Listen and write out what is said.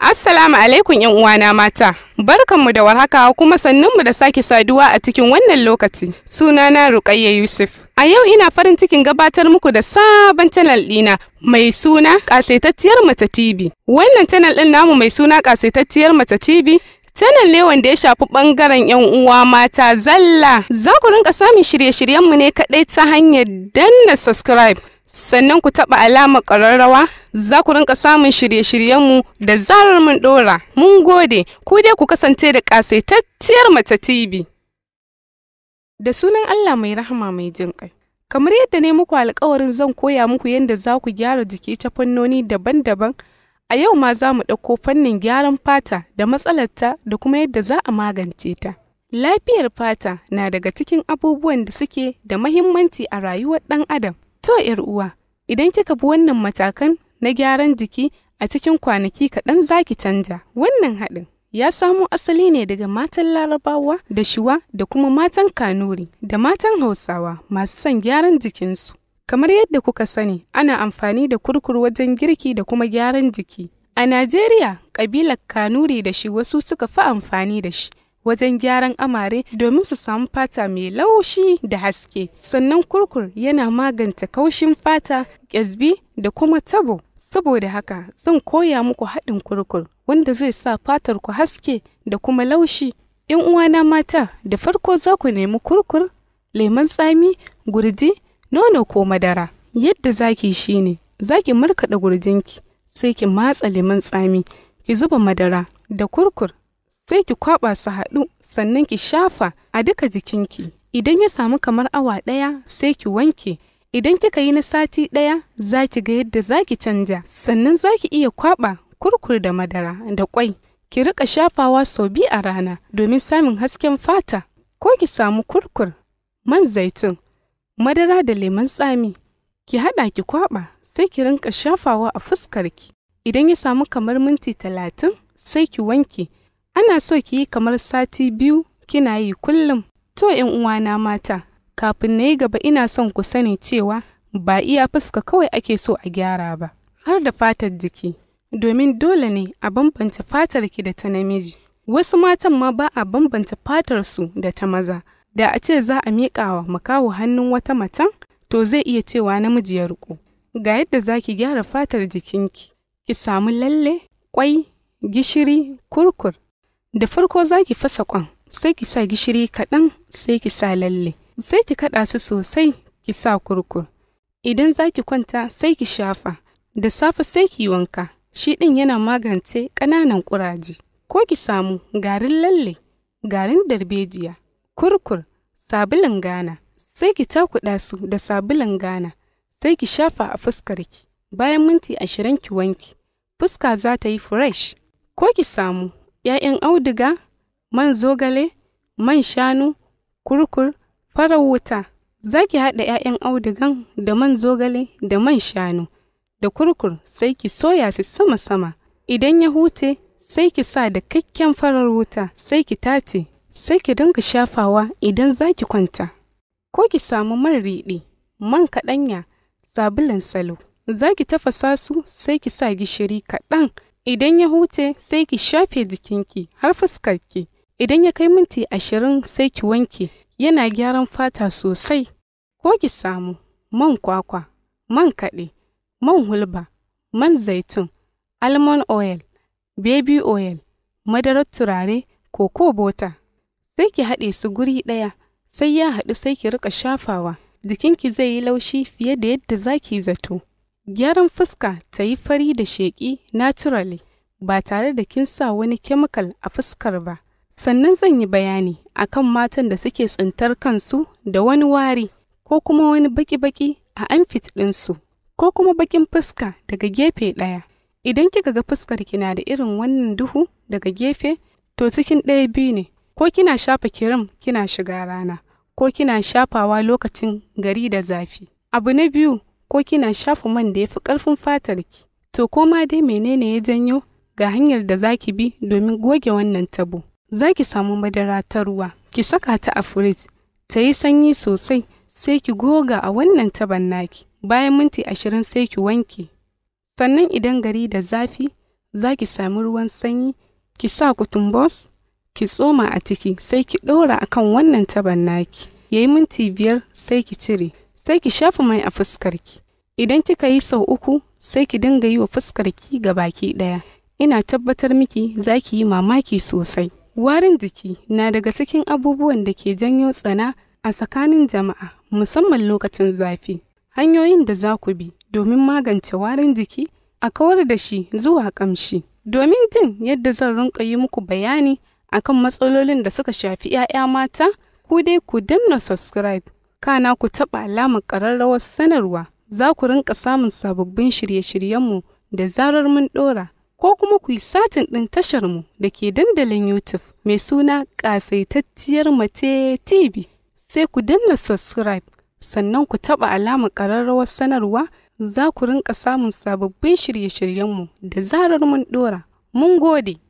Assalamu alaikum yan uwana mata. Barkanmu da warhaka kuma mu da sake saduwa a cikin wannan lokaci. Sunana Rukayya Yusuf. A yau ina farin cikin gabatar muku da sabon channel ɗina mai suna Ƙasaitacciyar mata TV. Wannan channel ɗin namu mai suna Ƙasaitacciyar mata TV tanal ne wanda ya shafi ɓangaren 'yan uwa mata zalla. Za ku rinka samun shirye-shiryenmu ne kaɗai ta hanyar danna subscribe. sannan ku taɓa alamar ƙararrawa za ku rinka samun shirye-shiryenmu da zarar mun ɗora. Mun gode, ku dai ku kasance da ƙasaitacciyar mata TV. Da sunan Allah mai rahama mai jin ƙai. Kamar yadda ne muku alƙawarin zan koya muku yadda za ku gyara jiki ta fannoni daban-daban, a yau ma za mu ɗauko fannin gyaran fata da matsalarta da kuma yadda za a magance ta. Lafiyar fata na daga cikin abubuwan da suke da mahimmanci a rayuwar ɗan adam. To uwa, idan kika bi wannan matakan na gyaran jiki a cikin kwanaki kaɗan zaki canja. Wannan haɗin ya samo asali ne daga matan larabawa da shuwa da kuma matan kanuri da matan hausawa masu son gyaran jikinsu. Kamar yadda kuka sani, ana amfani da kurkur wajen girki da kuma gyaran jiki. A Najeriya, ƙabilar kanuri da shi wasu suka fi amfani da shi. wajen gyaran amare domin su samu fata mai laushi da haske. Sannan kurkur yana maganta kaushin fata, ƙyazbi da kuma tabo. Saboda haka zan koya muku haɗin kurkur wanda zai sa fatar ku haske da kuma laushi. In uwana mata da farko za ku nemi kurkur, lemon tsami, gurji, nono ko madara. Yadda zaki shine, zaki markaɗa gurjinki, sai ki matsa lemon tsami, ki zuba madara da kurkur sai ki kwaba su haɗu sannan ki shafa a duka jikinki idan ya samu kamar awa ɗaya sai ki wanke idan kika yi na sati ɗaya za ki ga yadda za ki canja sannan za ki iya kwaba kurkur da madara da kwai ki rika shafawa sau biyu a rana domin samun hasken fata ko ki samu kurkur man zaitun madara da lemon tsami ki haɗa ki kwaba sai ki rinka shafawa a fuskarki idan ya samu kamar minti talatin sai ki wanke ana so ki yi kamar sati biyu kina yi kullum to yan uwana mata kafin na yi gaba ina son ku sani cewa ba iya fuska kawai ake so a gyara ba har da fatar jiki domin dole ne a bambanta fatar ki da ta namiji wasu matan ma ba a bambanta fatar su da ta maza da a ce za a miƙawa makawo hannun wata matan to zai iya cewa namiji ya riƙo. ga yadda za ki gyara fatar jikinki ki samu lalle kwai gishiri kurkur Da farko za ki fasa kwan, sai ki sa gishiri kaɗan sai ki sa lalle, sai ki kaɗa su sosai ki sa kurkur. Idan za ki kwanta sai ki shafa, da safe sai ki wanka, shi ɗin yana magance ƙananan ƙuraje. Ko ki samu garin lalle, garin darbejiya, kurkur, sabulin gana, sai ki takuɗa su da sabulin gana, sai ki shafa a fuskar ki, Bayan minti ashirin ki wanki, fuska za ta yi fresh. Ko ki samu 'ya'yan auduga, man zogale, man shanu, kurkur, farar wuta. Za ki haɗa 'ya'yan audugan da man zogale da man shanu da kurkur sai ki soya su sama-sama. Idan ya hute, sai ki sa da kakken farar wuta sai ki tace, sai ki dinga shafawa idan za ki kwanta. Ko ki samu man riɗi, man kaɗanya, sabulun salo. Za ki tafasa su sai ki sa gishiri kaɗan. Idan ya huce sai ki shafe jikinki har ki, Idan ya kai minti ashirin sai ki wanke, yana gyaran fata sosai. Ko ki samu man kwakwa, man kaɗe, man hulba, man zaitun, almond oil, baby oil, madarar turare, koko bota. Sai ki haɗe su guri ɗaya, sai ya haɗu sai ki riƙa shafawa. Jikinki zai yi laushi fiye da yadda zaki zato. Gyaran fuska ta yi fari da sheƙi naturally ba tare da kin sa wani chemical a fuskar ba. Sannan zan yi bayani akan matan da suke tsintar kansu da wani wari ko kuma wani baki-baki a amfit ɗinsu ko kuma bakin fuska daga gefe ɗaya. Idan kika ga fuskar kina da irin wannan duhu daga gefe, to cikin ɗaya biyu ne, ko kina shafa kirim kina shiga rana, ko kina shafawa lokacin gari da zafi. Abu na biyu ko kina shafa man da ya fi ƙarfin ki. To koma dai menene ya janyo ga hanyar da za ki bi domin goge wannan tabo. Za ki samu madara ta ruwa, ki saka ta a firij, ta yi sanyi sosai, sai ki goga a wannan taban naki. Bayan minti ashirin sai ki wanke. Sannan idan gari da zafi, za ki sami ruwan sanyi, ki sa kutumbos, ki tsoma a ciki, sai ki ɗora akan wannan taban naki. Yayi minti biyar sai ki cire. sai ki shafa mai a fuskar ki, idan kika yi sau uku sai ki dinga yi wa fuskar ki ga baki ɗaya ina tabbatar miki za ki yi mamaki sosai warin jiki na daga cikin abubuwan da ke janyo tsana a tsakanin jama'a musamman lokacin zafi hanyoyin da za ku bi domin magance warin jiki a kawar da shi zuwa kamshi domin jin yadda zan rinka yi muku bayani akan matsalolin da suka shafi 'ya'ya mata ku dai ku danna subscribe kana ku taɓa alamar ƙararrawar sanarwa za ku rinka samun sababbin shirye-shiryenmu da zarar mun ɗora ko kuma ku yi satin ɗin tasharmu da ke dandalin YouTube mai suna ƙasaitacciyar mace TV sai ku danna subscribe sannan ku taɓa alamar ƙararrawar sanarwa za ku rinka samun sababbin shirye-shiryenmu da zarar mun ɗora. Mun gode!